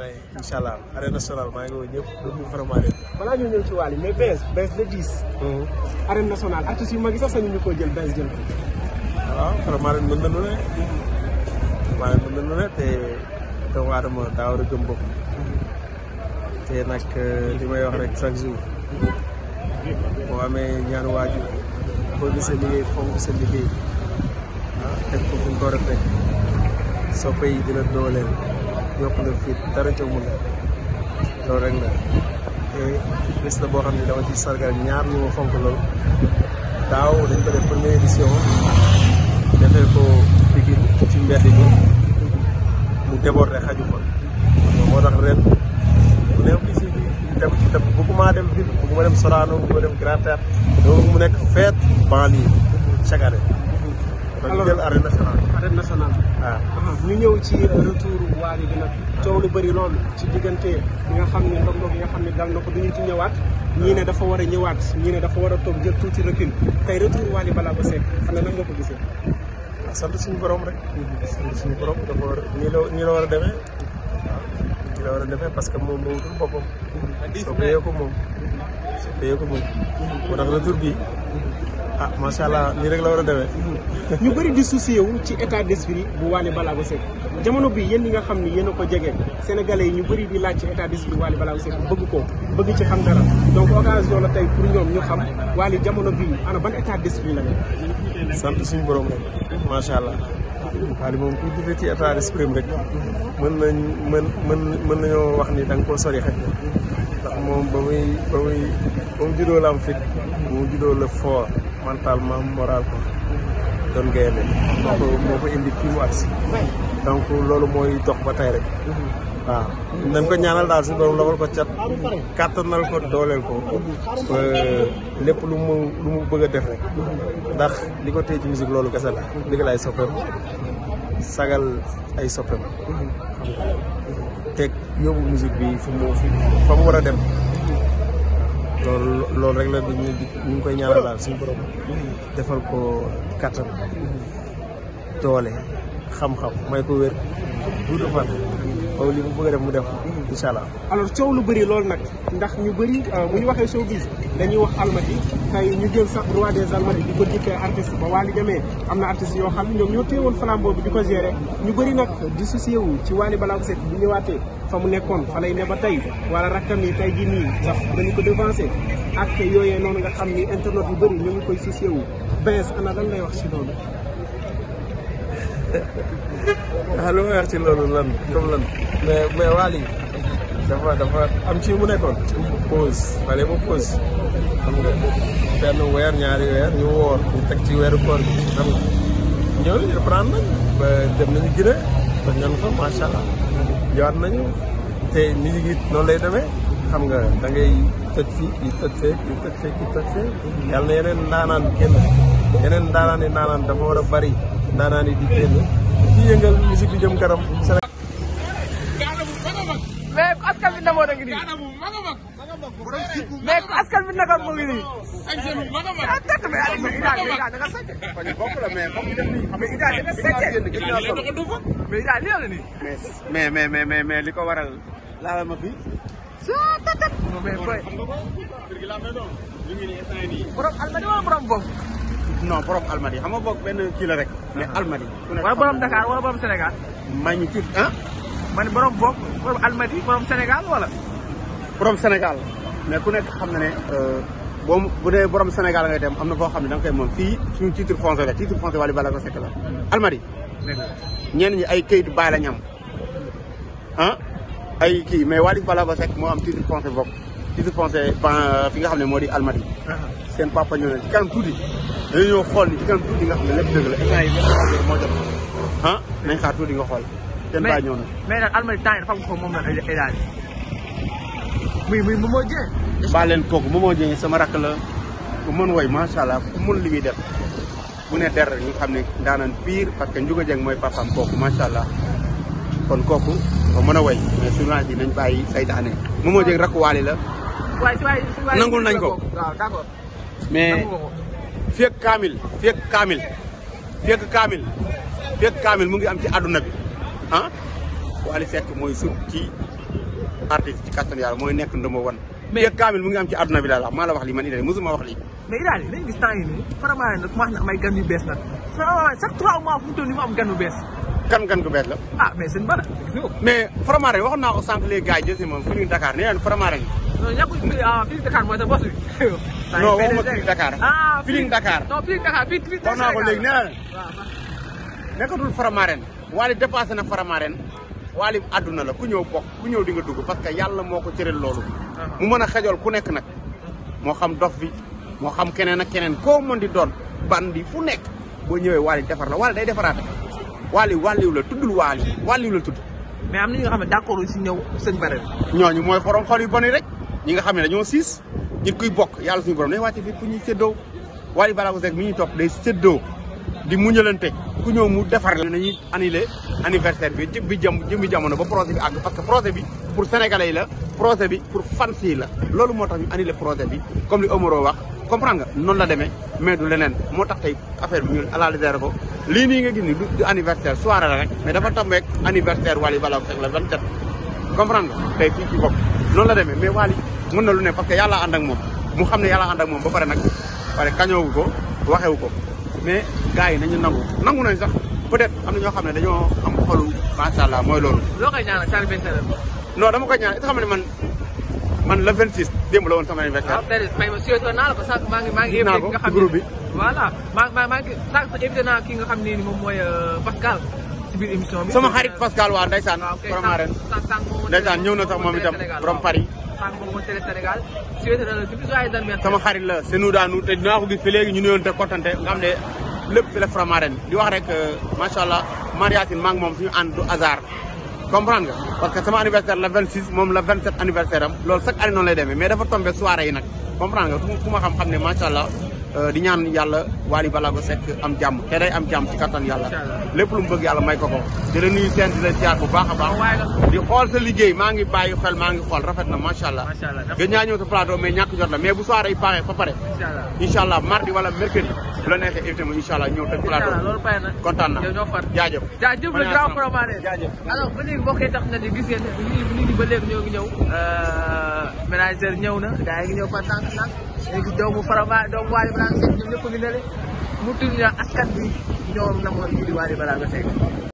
may incha allah arène nationale maa ngi woo ñëpp dugg vraiment leen. balaa ñu ñëw ci wàll yi mais Benz Benz de 10. Mhm. nationale artistes yu mag sax sañu ñu ko jël Benz jël ko. waaw vraiment ren mën na lu ne. vraiment ren mën na lu ne te doomu aadama daa war a gëm te nag euh, li may wax rek chaque jour. amee ñaan waajur boo gisee liggéey fonk sa liggéey. ah teg ko fu mu ko war a teg dooleel. yokk la fit dara ca mun a loolu rek la te bés la boo xam ne dama ci sargal ñaar ñu ma fonk lool daaw dañ ko def première édition defee ko Pikine ci mbedd bi mu débordé xaju fa moo tax ren bu nekk ci dem ci tam bëgguma dem ville bëgguma dem Sorano bëgguma dem Grand Théâtre donc mu nekk fête banlieue chaque année alors jël arène nationale. arène nationale. waaw ah. ah, ñu ñëw ci retour Wally bi nag coow lu bëri lool ci diggante yi nga xam ne ndog-ndog yi xam ne dal na ko du ñu ci ñëwaat. ñii ne dafa war a ñëwaat ñii ne dafa war a toog jël tuuti recul tey retour Wally Ballago Seck ne nan nga ko gisee. waaw ah, sant suñu borom rek. sant suñu borom dafa war a nii la nii la war a demee. waaw nii la war parce que moom moom dul boppam. soo ko yee ko moom. soo ko moo tax retour bi. ah macha allah nii rek la war a demee. ñu bëri di soucier wu ci état d'esprit bu Wally Ballago Seck jamono bi yéen ñi nga xam ni yéen a ko jege sénégalais yi ñu bëri di laaj ci état d'esprit Wally Ballago Seck bëgg ko bëgg ci xam dara donc occasion la tey pour ñoom ñu xam Wally jamono bi ana ban état d'esprit la ne. sant suñu borom rek macha allah. Wally moom ku jëfee ci état d'esprit rek mën nañ mën mën mën nañoo wax ni da nga koo sori xaj ndax moom ba muy ba muy ba fit ba mu juddoo mentalement moral ko doon gaynde moo ko moo ko indi fii mu agsi donc loolu mooy dox ba tey rek waaw nañ ko ñaanal daal su doon lafal ko cat kàttanal ko dooleel ko lépp lu mu lu mu bëgg a def rek ndax li ko téye ci musique loolu kese la liggéey ay soppeem sagal ay soppeem teg yóbbu musique bi fu mu fa mu war dem lool loolu rek la ñu ngi koy ñaanal daal suñu defal ko kattan toole mm-hmm. xam-xam may ko wér mm-hmm. gudd fan moom li mu bëgg a def mu def coow lu bëri loolu nag ndax ñu bari euh, bu ñu waxee showbiz dañuy wax almadi tey ñu jël sax roi des almadi di ko dikkee artiste ba Wally demee am na artiste yoo xam ne ñoom ñoo téewoon flambeau bi di ko gérer ñu bëri nag dissocié wu ci Wally Ballago Seck bu ñëwaatee fa mu nekkoon fa lay ne ba tey wala rakkam yi tey jii nii sax dañu ko devancé ak yooyee noonu nga xam ni internet yu bëri ñu ngi koy dissocié wu Benz ana lan lay wax si loolu. ah lu ma wax ci loolu lan comme am ci mu nekkoon. pause fale mu pause xam weer ñaari weer teg ci weeru koor bi xam nga ñooñu dem nañu Guinée ba ñan fa macha allah ñëwaat nañu te nit ñi noonu lay demee xam nga da ngay toj fii kii toj fee kii toj fee kii toj fee yàlla na yeneen ndaanaan génn yeneen ndaanaan yi dafa war a bari. ndaanaan yi di génn di yëngal musique bi jëm kanam. mais ku askan bi namoon a ngi nii. mais ku askan bi naka mu ngi nii. ah dëkk bi Aliou mais Ida Ida da nga sàcce. mais Ida da nga sàcce. mais Ida lii la nii. mais mais mais mais li ko waral laala ma fi. saa tët tët. mais booy. borom almadi wala borom boobu. non borom almadi xam nga boog benn kilo rek. mais ah. almadi. ku nekk Dakar wala borom Sénégal. maa ngi ci ah. man borom boog borom almadi borom Sénégal wala. borom Sénégal mais ku nekk xam na ne euh, boo bu dee borom Sénégal ngay dem am na foo xam ne da nga koy moom fii suñu titre foncier la titre foncier wala bala ko sekk la. almadi. ñenn ñi ay kayit baay la ñam ah ay kii mais wàllu bala ko sekk moo am titre foncier bokk. di di conseil fi nga xam ne moo di almadi uh-huh. seen papa ñëw ne tuuti dañu xool ni ci kanam nga xam ne lépp dëgg moo moo jot ah nañ xaar tuuti nga xool seen baa ñëw mais nag almadi temps yi dafa am ko moom na état bi muy muy Momo Dieng baa leen kooku Momo Dieng sama rakk la ku mën woy macha allah ku li muy def bu ne der ñu xam ne daanaan pire parce que Ndiouga Dieng mooy papaam kooku macha allah kon kooku ba mën a woy mais souvent yi nañ bàyyi saytaane Momo Dieng rakk waali la nangul nañ ko mais fekk kaamil fekk kaamil fekk kaamil fekk kaamil mu ngi am ci àdduna bi ah Wally Seck mooy sut ci artiste ci kattan yàlla mooy nekk ndëmba wan fekk kaamil mu ngi am ci àdduna bi daal maa la wax li man Idaly mosuma wax lii mais Idaly dañu gis yi nii vraiment nag na am ay bees nag chaque trois mois fu mu bees kan gan gu la. ah mais sëñ Bada. mais Faramaren waxoon naa ko sànq les gars yi jël si moom Feeling Dakar nee naan Faramaren. non yàqu Feeling ah, Dakar mooy sa boss bi. non waxuma Feeling Dakar. ah Feeling na Faramaren. Wally àdduna la ku ñëw bokk ku ñëw di nga dugg parce que yàlla moo ko cëral loolu. Uh-huh. mu mën a xajool ku nekk nag. moo xam dof bi moo xam keneen ak keneen koo mën di doon bandi fu nekk boo ñëwee Wally defar la Wally day defaraat waali waaliw la tuddul waali waaliw la tudd. mais am na ñi nga xam ne d'accord si ñëw sëñ Barel. ñooñu mooy xorom xol yu bon yi rek ñi nga xam ne dañoo siis nit kuy bokk yàlla suñu borom day wàcce fi ku ñuy séddoo waali balaa ko mi ñuy topp day séddoo di muñalante ku ñëw mu defar la nañuy annulé anniversaire bi jëm bi jëm jëmmi jamono ba projet bi àgg parce que projet bi pour sénégalais yi la projet bi pour fans yi la loolu moo tax ñu annulé projet bi comme ni Omaro wax comprendre nga noonu la demee mais du leneen moo tax tey affaire bi ñu analyser ko li nii nga gis ni du anniversaire soirée rek mais dafa tombeek anniversaire Wally Ballago Seck la 27 comprendre nga tey fii ci bopp la demee mais Wally mën na lu ne parce que yàlla ànd ak moom mu xam ne yàlla ànd ak moom ba pare nag pare kañoowu ko waxewu ko mais gars yi nañu nangu nangu nañ sax peut-être am na ñoo xam ne dañoo am xolu macha allah mooy loolu. loo koy ñaanal sa anniversaire non dama koy ñaan it xam ne man man le 26 démb la woon sama anniversaire. waaw ah, peut-être naa la ko sànq maa ngi maa ngi. nga xam groupe bi. voilà maa maa maa ngi sànq sa invité naa ki nga xam ne ni moom mooy euh, Pascal. ci biir émission bi sama xarit Pascal waa Ndeysaan. waaw ah, kay Ndeysaan ñëw na sax moom itam borom Paris. sama xarit la Senou Daanu te dinaa ko gis fi léegi ñu nuyoon te kontante nga xam ne lépp fi la Faramareen di wax rek euh, macha allah Mariatine maa ngi moom suñu ànd du hasard comprendre nga parce que sama anniversaire la 26 moom la 27 anniversaire am loolu chaque année noonu lay demee mais dafa tombé soirée yi nag comprendre nga ku ma xam-xam ne macha allah. Euh, di ñaan yàlla Wally Ballago Seck am jàmm te day am jàmm ci kattan yàlla lépp lu bëgg yàlla may ko ko di la nuyu seen di la ziar bu baax a baax di xool sa liggéey maa ngi bàyyi xel maa ngi xool rafet na macha allah gën ñaa ñëw sa plateau mais ñàkk jot la mais bu soirée yi pare ba pare allah mardi wala mercredi bu la neexee invité ma incha allah ñëw teg plateau kontaan na jaajëf jaajëf le grand programme jaajëf ba léegi mbokk yi na di gis ngeen ni ni ba léegi euh, ñëw na gaa yi ngi ñëw Balaago Seck ñoom ñëpp a ngi ne mu tudd askan bi di Wally Balaago Seck